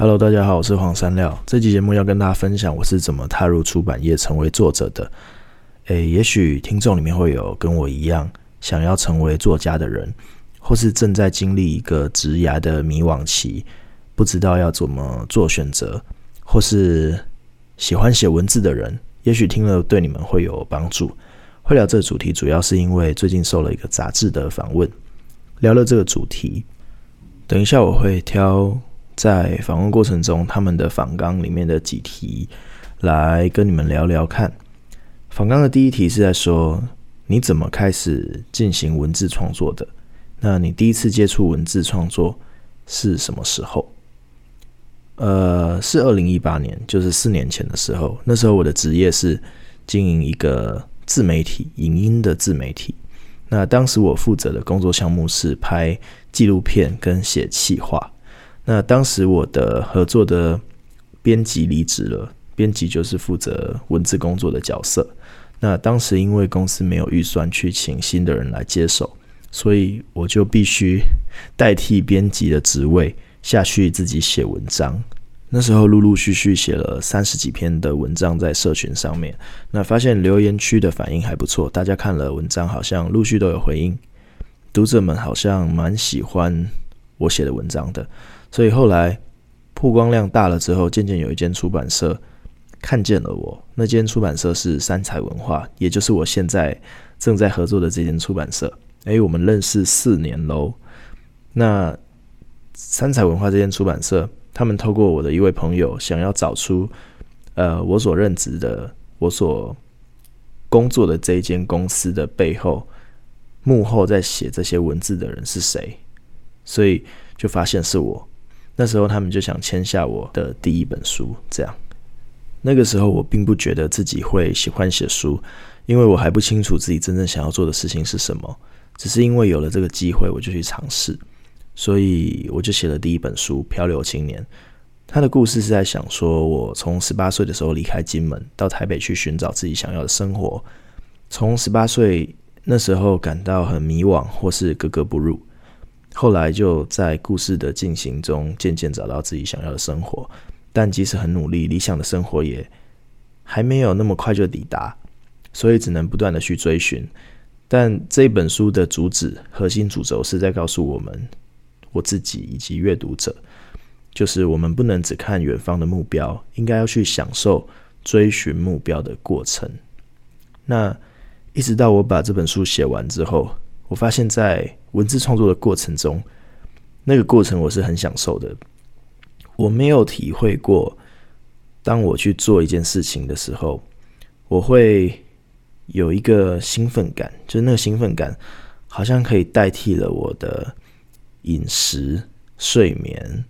Hello，大家好，我是黃山料。這期節目要跟大家分享我是怎麼踏入出版業成為作者的。誒，也許聽眾裡面會有跟我一樣想要成為作家的人，或是正在經歷一個職涯的迷惘期，不知道要怎麼做選擇，或是喜歡寫文字的人，也許聽了對你們會有幫助。會聊這個主題，主要是因為最近受了一個雜誌的訪問，聊了這個主題。等一下我會挑。在訪問過程中，他們的訪綱裡面的幾題，來跟你們聊聊看。訪綱的第一題是在說，你怎麼開始進行文字創作的？那你第一次接觸文字創作是什麼時候？呃，是二零一八年，就是四年前的時候。那時候我的職業是經營一個自媒體，影音的自媒體。那當時我負責的工作項目是拍紀錄片跟寫企劃。那當時我的合作的編輯離職了，編輯就是負責文字工作的角色。那當時因為公司沒有預算去請新的人來接手，所以我就必須代替編輯的職位下去自己寫文章。那時候陸陸續續寫了三十幾篇的文章在社群上面，那發現留言區的反應還不錯，大家看了文章好像陸續都有回應，讀者們好像蠻喜歡我寫的文章的。所以後來，曝光量大了之後，漸漸有一間出版社看見了我。那間出版社是三采文化，也就是我現在正在合作的這間出版社。誒，我們認識四年嘍。那三采文化這間出版社，他們透過我的一位朋友，想要找出呃我所任職的、我所工作的這一間公司的背後幕後，在寫這些文字的人是誰，所以就發現是我。那時候他們就想簽下我的第一本書，這樣。那個時候我並不覺得自己會喜歡寫書，因為我還不清楚自己真正想要做的事情是什麼。只是因為有了這個機會，我就去嘗試，所以我就寫了第一本書《漂流青年》。他的故事是在想說，我從十八歲的時候離開金門，到台北去尋找自己想要的生活。從十八歲那時候感到很迷惘，或是格格不入。後來就在故事的進行中，漸漸找到自己想要的生活，但即使很努力，理想的生活也還沒有那麼快就抵達，所以只能不斷的去追尋。但這本書的主旨、核心主軸是在告訴我們，我自己以及閱讀者，就是我們不能只看遠方的目標，應該要去享受追尋目標的過程。那一直到我把這本書寫完之後，我發現在文字創作的過程中，那個過程我是很享受的。我沒有體會過，當我去做一件事情的時候，我會有一個興奮感，就是那個興奮感好像可以代替了我的飲食、睡眠，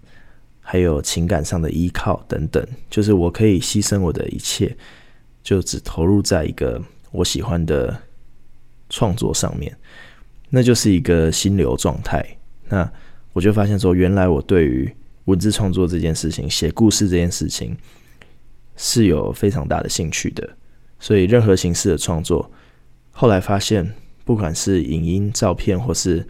還有情感上的依靠等等，就是我可以犧牲我的一切，就只投入在一個我喜歡的創作上面。那就是一個心流狀態。那我就發現說，原來我對於文字創作這件事情、寫故事這件事情是有非常大的興趣的。所以任何形式的創作，後來發現，不管是影音、照片，或是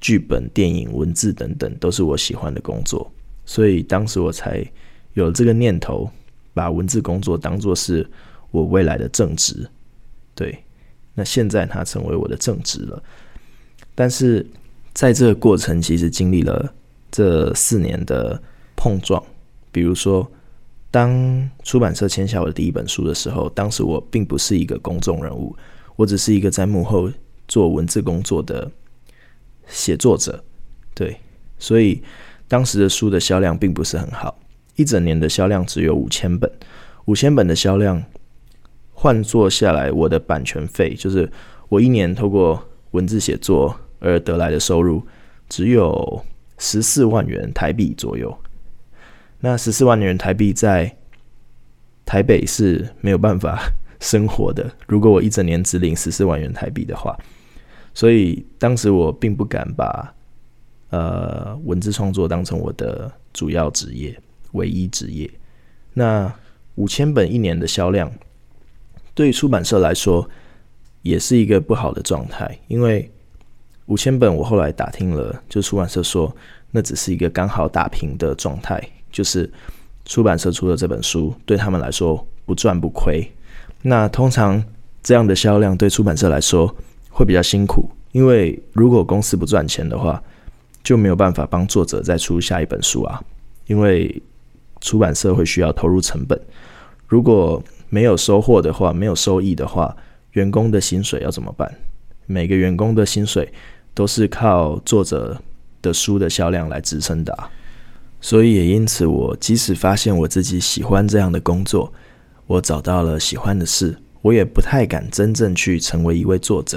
劇本、電影、文字等等，都是我喜歡的工作。所以當時我才有了這個念頭，把文字工作當作是我未來的正職。對，那現在它成為我的正職了。但是在這個過程，其實經歷了這四年的碰撞。比如說，當出版社簽下我的第一本書的時候，當時我並不是一個公眾人物，我只是一個在幕後做文字工作的寫作者。對，所以當時的書的銷量並不是很好，一整年的銷量只有五千本。五千本的銷量換算下來，我的版權費就是我一年透過文字寫作。而得來的收入只有十四萬元台幣左右。那十四萬元台幣在台北是沒有辦法生活的。如果我一整年只領十四萬元台幣的話，所以當時我並不敢把呃文字創作當成我的主要職業、唯一職業。那五千本一年的銷量，對於出版社來說也是一個不好的狀態，因為。五千本，我後來打聽了，就出版社說，那只是一個剛好打平的狀態，就是出版社出的這本書，對他們來說不賺不虧。那通常這樣的銷量對出版社來說會比較辛苦，因為如果公司不賺錢的話，就沒有辦法幫作者再出下一本書啊。因為出版社會需要投入成本，如果沒有收穫的話，沒有收益的話，員工的薪水要怎麼辦？每個員工的薪水。都是靠作者的書的銷量來支撐的，啊，所以也因此，我即使發現我自己喜歡這樣的工作，我找到了喜歡的事，我也不太敢真正去成為一位作者。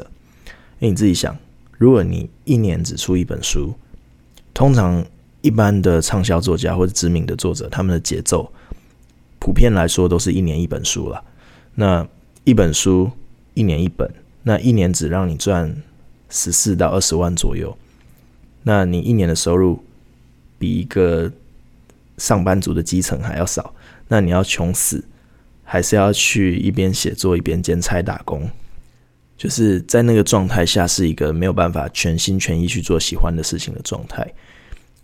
因為你自己想，如果你一年只出一本書，通常一般的暢銷作家或者知名的作者，他們的節奏普遍來說都是一年一本書了。那一本書一年一本，那一年只讓你賺。十四到二十萬左右，那你一年的收入比一個上班族的基層還要少。那你要窮死，還是要去一邊寫作一邊兼差打工？就是在那個狀態下，是一個沒有辦法全心全意去做喜歡的事情的狀態。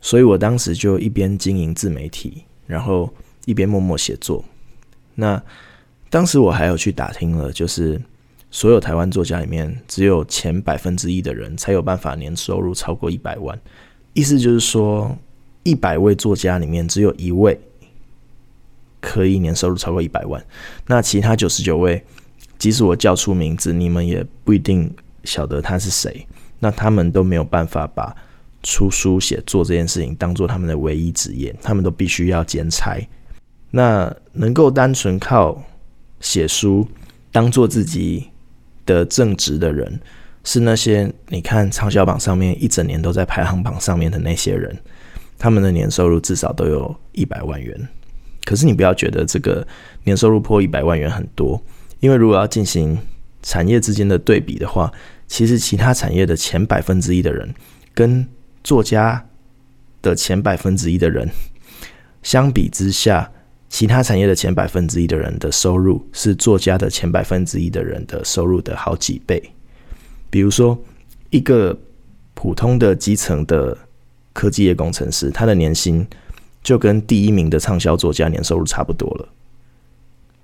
所以我當時就一邊經營自媒體，然後一邊默默寫作。那當時我還有去打聽了，就是。所有台灣作家裡面，只有前百分之一的人才有辦法年收入超過一百萬。意思就是說，一百位作家裡面，只有一位可以年收入超過一百萬。那其他九十九位，即使我叫出名字，你們也不一定曉得他是誰。那他們都沒有辦法把出書寫作這件事情當做他們的唯一職業，他們都必須要兼差。那能夠單純靠寫書當做自己的正職的人是那些你看暢銷榜上面一整年都在排行榜上面的那些人。他們的年收入至少都有一百萬元。可是你不要覺得這個年收入破一百萬元很多，因為如果要進行產業之間的對比的話，其實其他產業的前百分之一的人跟作家的前百分之一的人相比之下，其他產業的前百分之一的人的收入是作家的前百分之一的人的收入的好幾倍。比如說，一個普通的基層的科技業工程師，他的年薪就跟第一名的暢銷作家年收入差不多了。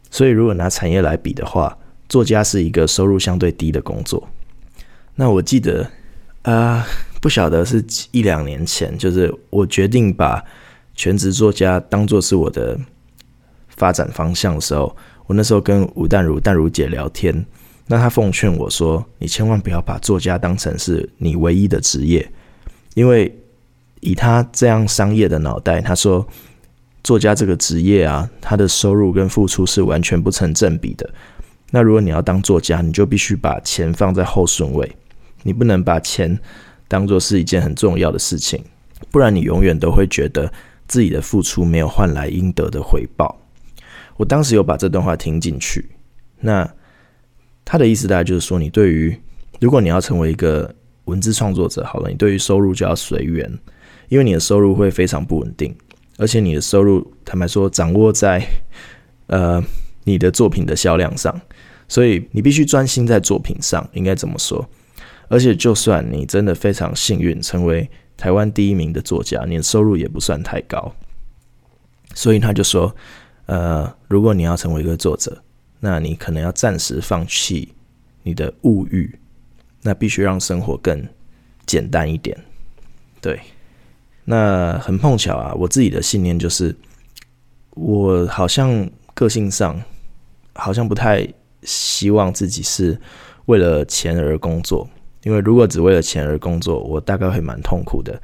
所以，如果拿產業來比的話，作家是一個收入相對低的工作。那我記得，啊，不曉得是一兩年前，就是我決定把全職作家當作是我的。發展方向的時候，我那時候跟吳淡如淡如姐聊天，那她奉勸我說：“你千萬不要把作家當成是你唯一的職業，因為以她這樣商業的腦袋，她說作家這個職業啊，他的收入跟付出是完全不成正比的。那如果你要當作家，你就必須把錢放在後順位，你不能把錢當做是一件很重要的事情，不然你永遠都會覺得自己的付出沒有換來應得的回報。”我當時有把這段話聽進去，那他的意思大概就是說，你對於如果你要成為一個文字創作者，好了，你對於收入就要隨緣，因為你的收入會非常不穩定，而且你的收入坦白說掌握在呃你的作品的銷量上，所以你必須專心在作品上，應該怎麼說？而且就算你真的非常幸運成為台灣第一名的作家，你的收入也不算太高，所以他就說。呃，如果你要成為一個作者，那你可能要暫時放棄你的物欲，那必須讓生活更簡單一點。對，那很碰巧啊，我自己的信念就是，我好像個性上好像不太希望自己是為了錢而工作，因為如果只為了錢而工作，我大概會蠻痛苦的。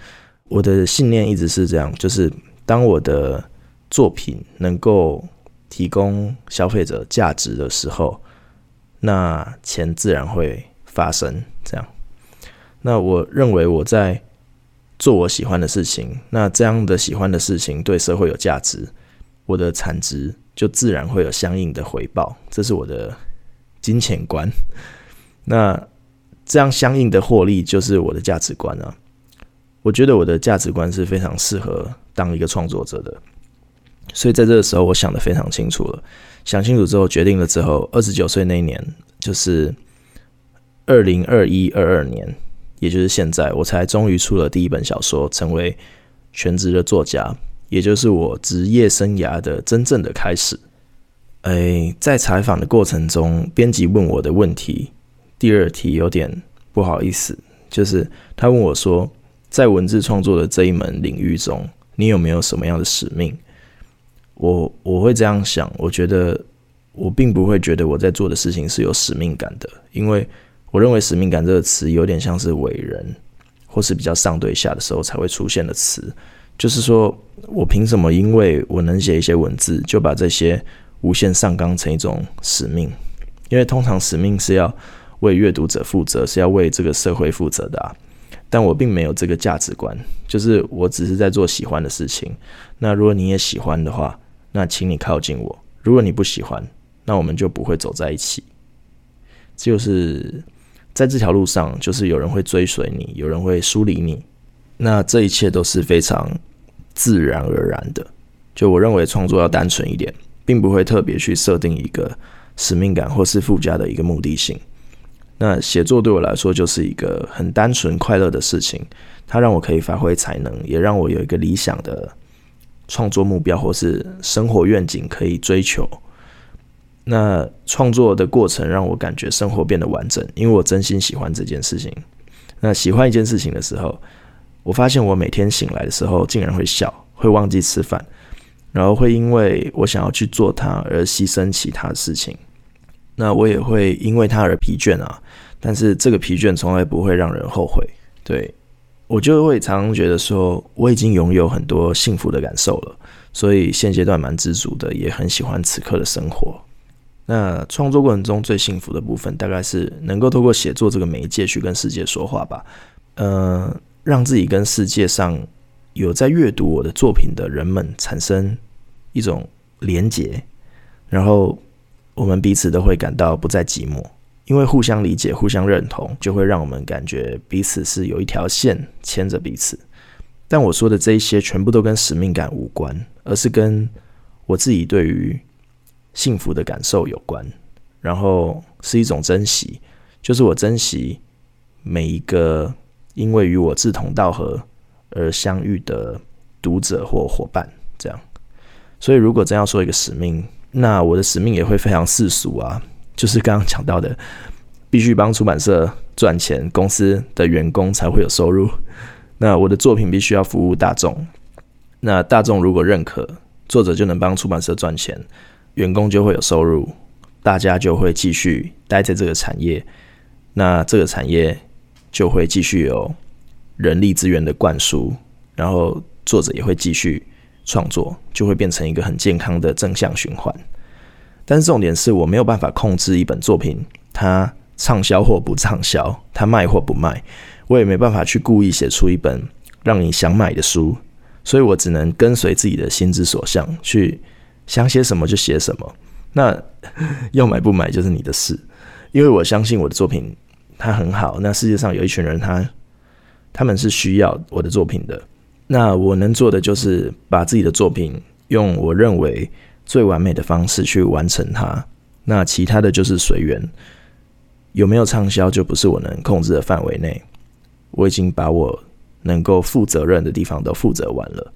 我的信念一直是這樣，就是當我的。作品能夠提供消費者價值的時候，那錢自然會發生這樣。那我認為我在做我喜歡的事情，那這樣的喜歡的事情對社會有價值，我的產值就自然會有相應的回報，這是我的金錢觀。那這樣相應的獲利就是我的價值觀啊。我覺得我的價值觀是非常適合當一個創作者的。所以在這個時候，我想得非常清楚了。想清楚之後，決定了之後，二十九歲那一年，就是二零二一二二年，也就是現在，我才終於出了第一本小說，成為全職的作家，也就是我職業生涯的真正的開始。哎、欸，在採訪的過程中，編輯問我的問題，第二題有點不好意思，就是他問我說，在文字創作的這一門領域中，你有沒有什麼樣的使命？我我會這樣想，我覺得我並不會覺得我在做的事情是有使命感的，因為我認為使命感這個詞有點像是偉人或是比較上對下的時候才會出現的詞，就是說我憑什麼？因為我能寫一些文字，就把這些無限上綱成一種使命？因為通常使命是要為閱讀者負責，是要為這個社會負責的啊。但我並沒有這個價值觀，就是我只是在做喜歡的事情。那如果你也喜歡的話，那請你靠近我。如果你不喜歡，那我們就不會走在一起。就是在這條路上，就是有人會追隨你，有人會疏離你。那這一切都是非常自然而然的。就我認為創作要單純一點，並不會特別去設定一個使命感或是附加的一個目的性。那寫作對我來說就是一個很單純快樂的事情，它讓我可以發揮才能，也讓我有一個理想的創作目標或是生活願景可以追求，那創作的過程讓我感覺生活變得完整，因為我真心喜歡這件事情。那喜歡一件事情的時候，我發現我每天醒來的時候竟然會笑，會忘記吃飯，然後會因為我想要去做它而犧牲其他的事情。那我也會因為它而疲倦啊，但是這個疲倦從來不會讓人後悔。對。我就會常常覺得說，我已經擁有很多幸福的感受了，所以現階段蠻知足的，也很喜歡此刻的生活。那創作過程中最幸福的部分，大概是能夠透過寫作這個媒介去跟世界說話吧，呃，讓自己跟世界上有在閱讀我的作品的人們產生一種連結，然後我們彼此都會感到不再寂寞。因為互相理解、互相認同，就會讓我們感覺彼此是有一條線牽着彼此。但我說的這一些全部都跟使命感無關，而是跟我自己對於幸福的感受有關。然後是一種珍惜，就是我珍惜每一個因為與我志同道合而相遇的讀者或伙伴，這樣。所以，如果真要說一個使命，那我的使命也會非常世俗啊。就是剛剛講到的，必須幫出版社賺錢，公司的員工才會有收入。那我的作品必須要服務大眾，那大眾如果認可，作者就能幫出版社賺錢，員工就會有收入，大家就會繼續待在這個產業，那這個產業就會繼續有人力資源的灌輸，然後作者也會繼續創作，就會變成一個很健康的正向循環。但是重點是我沒有辦法控制一本作品它暢銷或不暢銷，它賣或不賣，我也沒辦法去故意寫出一本讓你想買的書，所以我只能跟隨自己的心之所向去想寫什麼就寫什麼。那要買不買就是你的事，因為我相信我的作品它很好。那世界上有一群人他他們是需要我的作品的，那我能做的就是把自己的作品用我認為。最完美的方式去完成它，那其他的就是隨緣。有沒有暢銷，就不是我能控制的範圍內。我已經把我能夠負責任的地方都負責完了，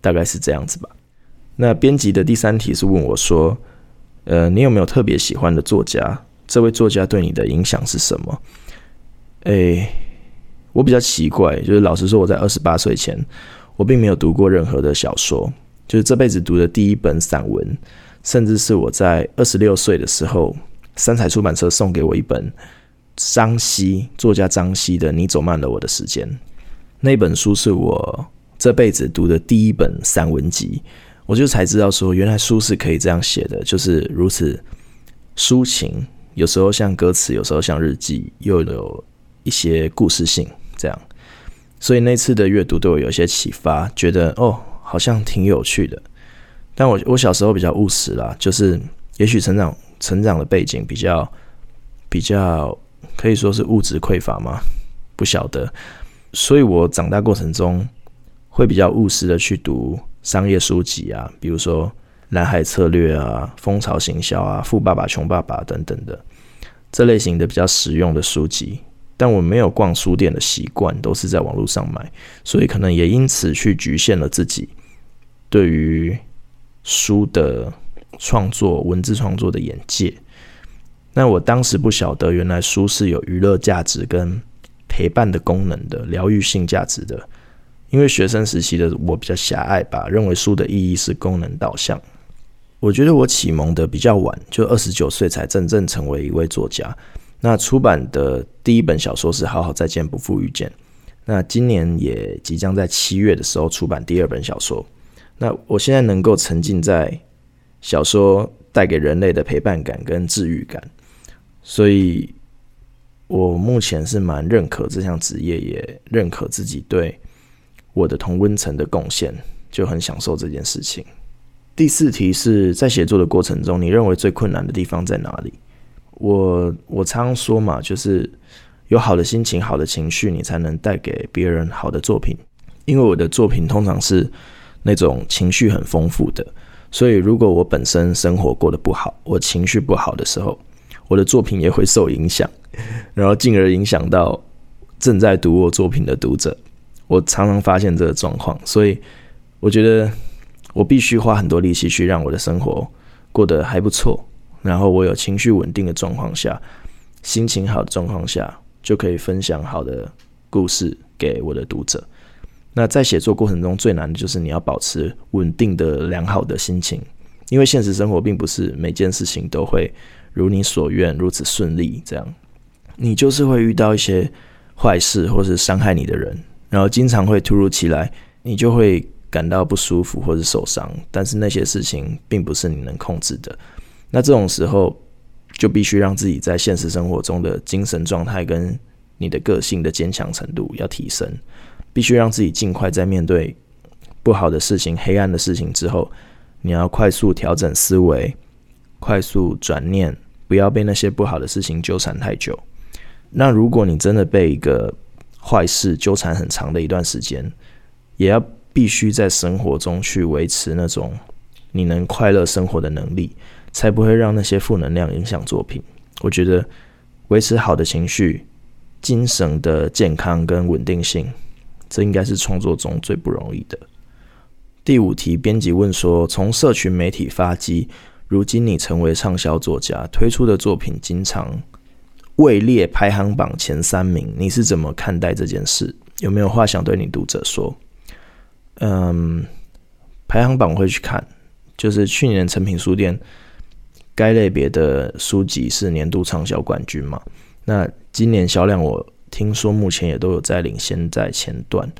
大概是這樣子吧。那編輯的第三題是問我說：“呃，你有沒有特別喜歡的作家？這位作家對你的影響是什麼？”誒，我比較奇怪，就是老實說，我在二十八歲前，我並沒有讀過任何的小說。就是這輩子讀的第一本散文，甚至是我在二十六歲的時候，三彩出版社送給我一本張西作家張西的《你走慢了我的時間》，那本書是我這輩子讀的第一本散文集，我就才知道說，原來書是可以這樣寫的，就是如此抒情，有時候像歌詞，有時候像日記，又有一些故事性這樣，所以那次的閱讀對我有一些啟發，覺得哦。好像挺有趣的，但我我小時候比較務實啦，就是也許成長成長的背景比較比較可以說是物質匱乏嗎？不曉得，所以我長大過程中會比較務實的去讀商業書籍啊，比如說藍海策略啊、蜂巢行銷啊、富爸爸窮爸爸等等的這類型的比較實用的書籍，但我沒有逛書店的習慣，都是在網絡上買，所以可能也因此去侷限了自己。對於書的創作、文字創作的眼界，那我當時不曉得，原來書是有娛樂價值跟陪伴的功能的、療癒性價值的。因為學生時期的我比較狹隘吧，認為書的意義是功能導向。我覺得我啟蒙的比較晚，就二十九歲才真正，正成為一位作家。那出版的第一本小說是《好好再見，不負遇見》，那今年也即將在七月的時候出版第二本小說。那我現在能夠沉浸在小說帶給人類的陪伴感跟治癒感，所以，我目前是蠻認可這項職業，也認可自己對我的同溫層的貢獻，就很享受這件事情。第四題是在寫作的過程中，你認為最困難的地方在哪裡？我我常常說嘛，就是有好的心情、好的情緒，你才能帶給別人好的作品，因為我的作品通常是那種情緒很豐富的，所以如果我本身生活過得不好，我情緒不好的時候，我的作品也會受影響，然後進而影響到正在讀我作品的讀者。我常常發現這個狀況，所以我覺得我必須花很多力氣去讓我的生活過得還不錯，然後我有情緒穩定的狀況下，心情好的狀況下，就可以分享好的故事給我的讀者。那在寫作過程中最難的就是你要保持穩定的、良好的心情，因爲現實生活並不是每件事情都會如你所願、如此順利。這樣，你就是會遇到一些壞事或是傷害你的人，然後經常會突如其來，你就會感到不舒服或是受傷。但是那些事情並不是你能控制的。那這種時候就必須讓自己在現實生活中的精神狀態跟你的個性的堅強程度要提升。必須讓自己盡快在面對不好的事情、黑暗的事情之後，你要快速調整思維，快速轉念，不要被那些不好的事情糾纏太久。那如果你真的被一個壞事糾纏很長的一段時間，也要必須在生活中去維持那種你能快樂生活的能力，才不會讓那些負能量影響作品。我覺得維持好的情緒、精神的健康跟穩定性。這應該是創作中最不容易的。第五題，編輯問說：“從社群媒體發跡，如今你成為暢銷作家，推出的作品經常位列排行榜前三名，你是怎麼看待這件事？有沒有話想對你讀者說？”嗯，排行榜我會去看，就是去年誠品書店該類別的書籍是年度暢銷冠軍嘛？那今年銷量我。聽說目前也都有在領先在前段。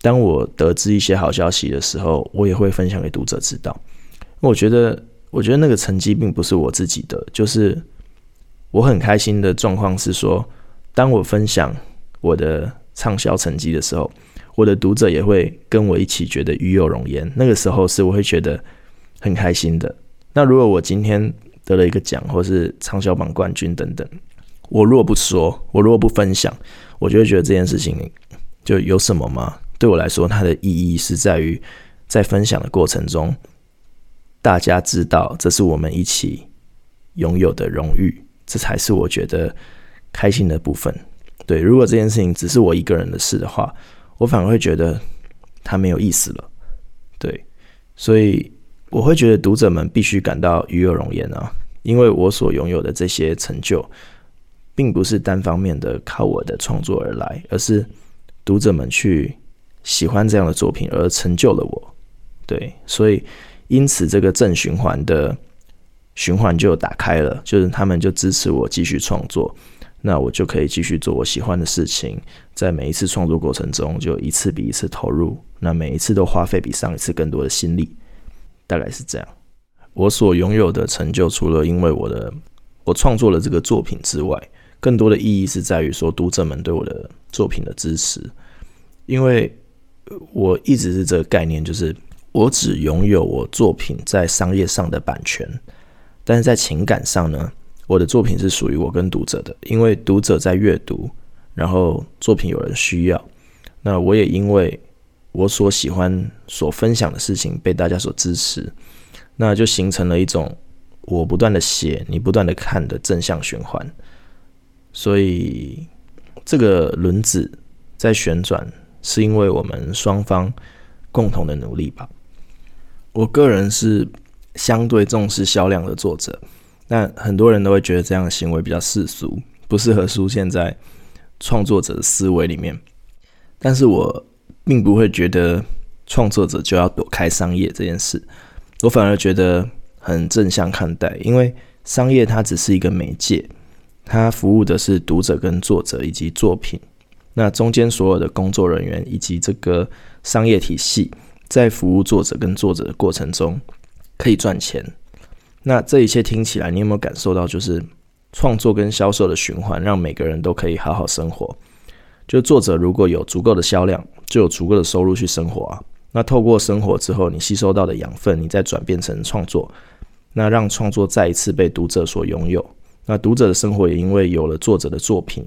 當我得知一些好消息的時候，我也會分享給讀者知道。我覺得，我覺得那個成績並不是我自己的，就是我很開心的狀況是說，當我分享我的暢銷成績的時候，我的讀者也會跟我一起覺得與有榮焉。那個時候是我會覺得很開心的。那如果我今天得了一個獎，或是暢銷榜冠軍等等。我如果不說，我如果不分享，我就會覺得這件事情就有什麼嗎？對我來說，它的意義是在於在分享的過程中，大家知道這是我們一起擁有的榮譽，這才是我覺得開心的部分。對，如果這件事情只是我一個人的事的話，我反而會覺得它沒有意思了。對，所以我會覺得讀者們必須感到與有榮焉啊，因為我所擁有的這些成就。並不是單方面的靠我的創作而來，而是讀者們去喜歡這樣的作品而成就了我。對，所以因此這個正循環的循環就打開了，就是他們就支持我繼續創作，那我就可以繼續做我喜歡的事情，在每一次創作過程中就一次比一次投入，那每一次都花費比上一次更多的心力，大概是這樣。我所擁有的成就，除了因為我的我創作了這個作品之外，更多的意義是在於說，讀者們對我的作品的支持。因為我一直是這個概念，就是我只擁有我作品在商業上的版權，但是在情感上呢，我的作品是屬於我跟讀者的。因為讀者在閱讀，然後作品有人需要，那我也因為我所喜歡、所分享的事情被大家所支持，那就形成了一種我不斷的寫，你不斷的看的正向循環。所以，這個輪子在旋轉，是因為我們雙方共同的努力吧。我個人是相對重視銷量的作者，但很多人都會覺得這樣的行為比較世俗，不適合出現在創作者的思維裡面。但是我並不會覺得創作者就要躲開商業這件事，我反而覺得很正向看待，因為商業它只是一個媒介。他服務的是讀者、跟作者以及作品，那中間所有的工作人員以及這個商業體系，在服務作者跟作者的過程中，可以賺錢。那這一切聽起來，你有沒有感受到，就是創作跟銷售的循環，讓每個人都可以好好生活。就作者如果有足夠的銷量，就有足夠的收入去生活啊。那透過生活之後，你吸收到的養分，你再轉變成創作，那讓創作再一次被讀者所擁有。那讀者的生活也因為有了作者的作品，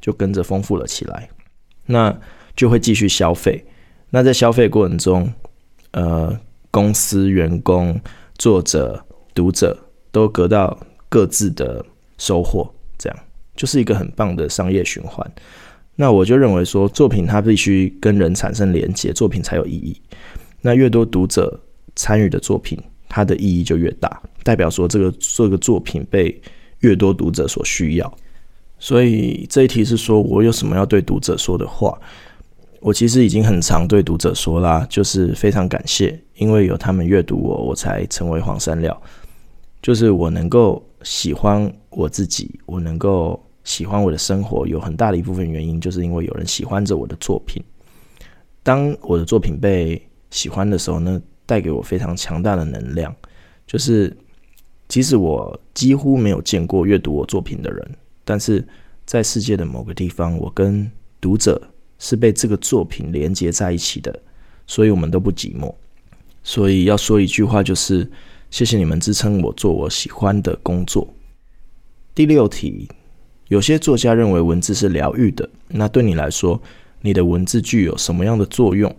就跟着豐富了起來，那就會繼續消費，那在消費過程中，呃，公司員工、作者、讀者都得到各自的收穫，這樣就是一個很棒的商業循環。那我就認為說，作品它必須跟人產生連接，作品才有意義。那越多讀者參與的作品，它的意義就越大，代表說這個這個作品被越多讀者所需要，所以這一題是說我有什麼要對讀者說的話？我其實已經很常對讀者說啦，就是非常感謝，因為有他們閱讀我，我才成為黃山料。就是我能夠喜歡我自己，我能夠喜歡我的生活，有很大的一部分原因，就是因為有人喜歡着我的作品。當我的作品被喜歡的時候呢，帶給我非常強大的能量，就是。即使我幾乎沒有見過閱讀我作品的人，但是在世界的某個地方，我跟讀者是被這個作品連接在一起的，所以我們都不寂寞。所以要說一句話，就是謝謝你們支撐我做我喜歡的工作。第六題，有些作家認為文字是療癒的，那對你來說，你的文字具有什麼樣的作用？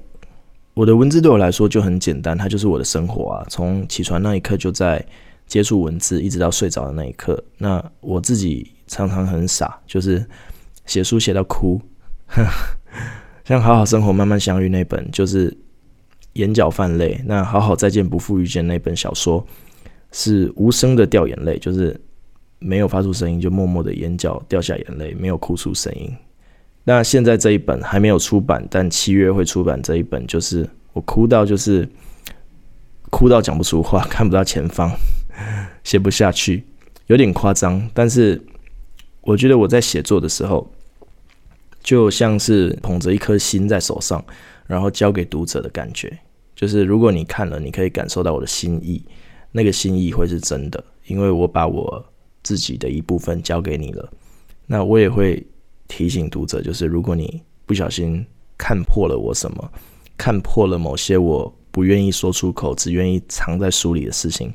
我的文字對我來說就很簡單，它就是我的生活啊，從起床那一刻就在。接觸文字，一直到睡着的那一刻。那我自己常常很傻，就是寫書寫到哭， 像《好好生活，慢慢相遇》那本，就是眼角泛淚；那《好好再見，不負遇見》那本小說，是無聲的掉眼淚，就是沒有發出聲音，就默默的眼角掉下眼淚，沒有哭出聲音。那現在這一本還沒有出版，但七月會出版這一本，就是我哭到就是哭到講不出話，看不到前方。寫不下去，有點誇張，但是我覺得我在寫作的時候，就像是捧着一顆心在手上，然後交給讀者的感覺，就是如果你看了，你可以感受到我的心意，那個心意會是真的，因為我把我自己的一部分交給你了。那我也會提醒讀者，就是如果你不小心看破了我什麼，看破了某些我不願意說出口，只願意藏在書裡的事情。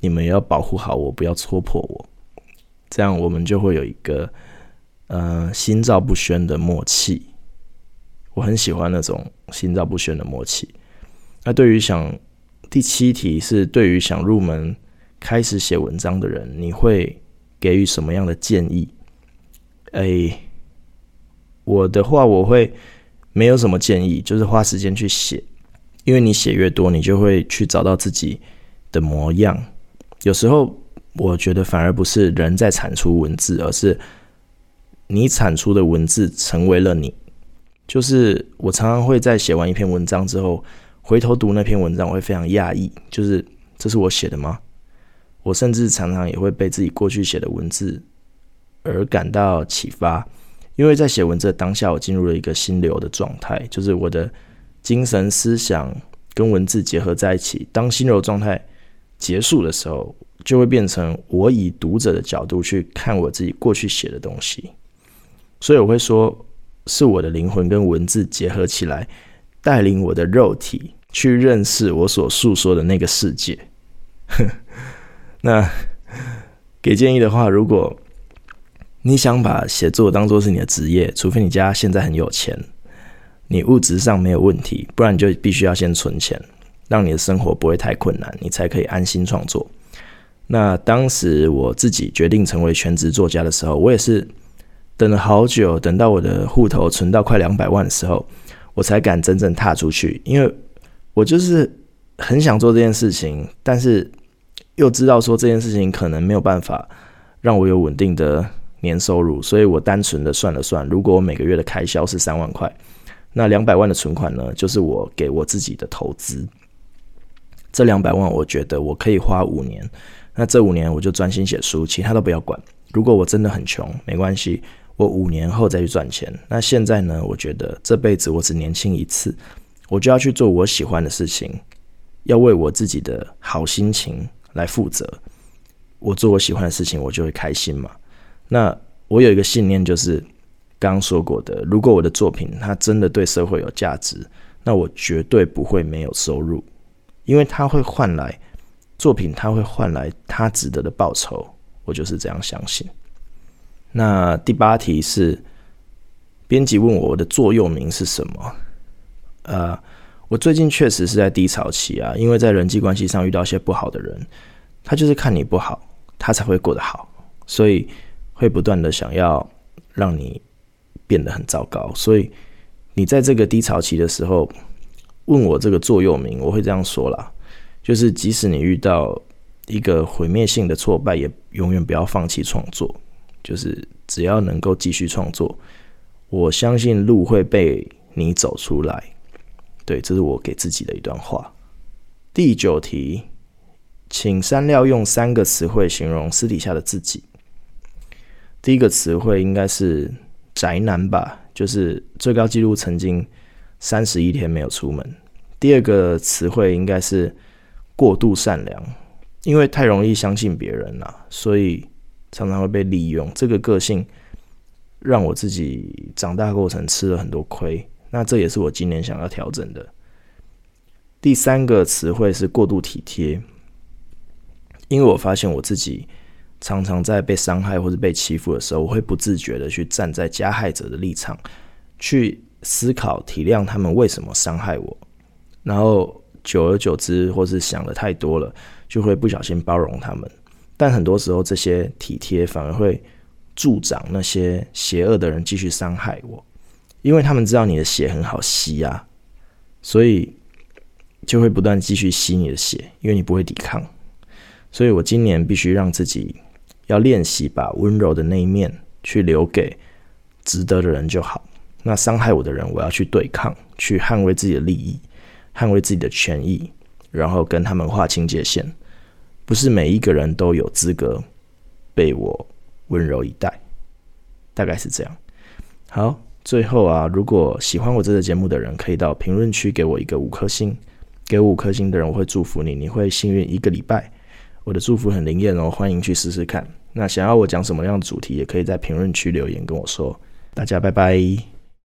你們也要保護好我，不要戳破我，這樣我們就會有一個呃，心照不宣的默契。我很喜歡那種心照不宣的默契。那對於想第七題是對於想入門開始寫文章的人，你會給予什麼樣的建議？哎、欸，我的話我會沒有什麼建議，就是花時間去寫，因為你寫越多，你就會去找到自己的模樣。有時候我覺得反而不是人在產出文字，而是你產出的文字成為了你。就是我常常會在寫完一篇文章之後，回頭讀那篇文章，我會非常訝異，就是這是我寫的嗎？我甚至常常也會被自己過去寫的文字而感到啟發，因為在寫文字的當下，我進入了一個心流的狀態，就是我的精神思想跟文字結合在一起，當心流狀態。結束的時候，就會變成我以讀者的角度去看我自己過去寫的東西，所以我會說，是我的靈魂跟文字結合起來，帶領我的肉體去認識我所訴說的那個世界。 那給建議的話，如果你想把寫作當做是你的職業，除非你家現在很有錢，你物質上沒有問題，不然就必須要先存錢。讓你的生活不會太困難，你才可以安心創作。那當時我自己決定成為全職作家的時候，我也是等了好久，等到我的戶頭存到快兩百萬的時候，我才敢真正踏出去。因為，我就是很想做這件事情，但是又知道說這件事情可能沒有辦法讓我有穩定的年收入，所以我單純的算了算，如果我每個月的開銷是三萬塊，那兩百萬的存款呢，就是我給我自己的投資。這兩百萬，我覺得我可以花五年。那這五年我就專心寫書，其他都不要管。如果我真的很窮，沒關係，我五年後再去賺錢。那現在呢？我覺得這輩子我只年輕一次，我就要去做我喜歡的事情，要為我自己的好心情來負責。我做我喜歡的事情，我就會開心嘛。那我有一個信念，就是剛剛說過的，如果我的作品它真的對社會有價值，那我絕對不會沒有收入。因為他會換來作品，他會換來他值得的報酬。我就是這樣相信。那第八題是，編輯問我我的座右銘是什麼？呃，我最近確實是在低潮期啊，因為在人際關係上遇到一些不好的人，他就是看你不好，他才會過得好，所以會不斷的想要讓你變得很糟糕。所以你在這個低潮期的時候。問我這個座右銘，我會這樣說啦。就是即使你遇到一個毀滅性的挫敗，也永遠不要放棄創作。就是只要能夠繼續創作，我相信路會被你走出來。對，這是我給自己的一段話。第九題，請山料用三個詞彙形容私底下的自己。第一個詞彙應該是宅男吧，就是最高紀錄曾經。三十一天沒有出門。第二個詞彙應該是過度善良，因為太容易相信別人了，啊，所以常常會被利用。這個個性讓我自己長大過程吃了很多虧，那這也是我今年想要調整的。第三個詞彙是過度體貼，因為我發現我自己常常在被傷害或是被欺負的時候，我會不自覺的去站在加害者的立場去。思考體諒他們為什麼傷害我，然後久而久之，或是想的太多了，就會不小心包容他們。但很多時候，這些體貼反而會助長那些邪惡的人繼續傷害我，因為他們知道你的血很好吸啊，所以就會不斷繼續吸你的血，因為你不會抵抗。所以，我今年必須讓自己要練習把溫柔的那一面去留給值得的人就好。那傷害我的人，我要去對抗，去捍衛自己的利益，捍衛自己的權益，然後跟他們劃清界限。不是每一個人都有資格被我溫柔以待，大概是這樣。好，最後啊，如果喜歡我這個節目的人，可以到評論區給我一個五顆星。給我五顆星的人，我會祝福你，你會幸運一個禮拜。我的祝福很靈驗哦，歡迎去試試看。那想要我講什麼樣的主題，也可以在評論區留言跟我說。大家拜拜。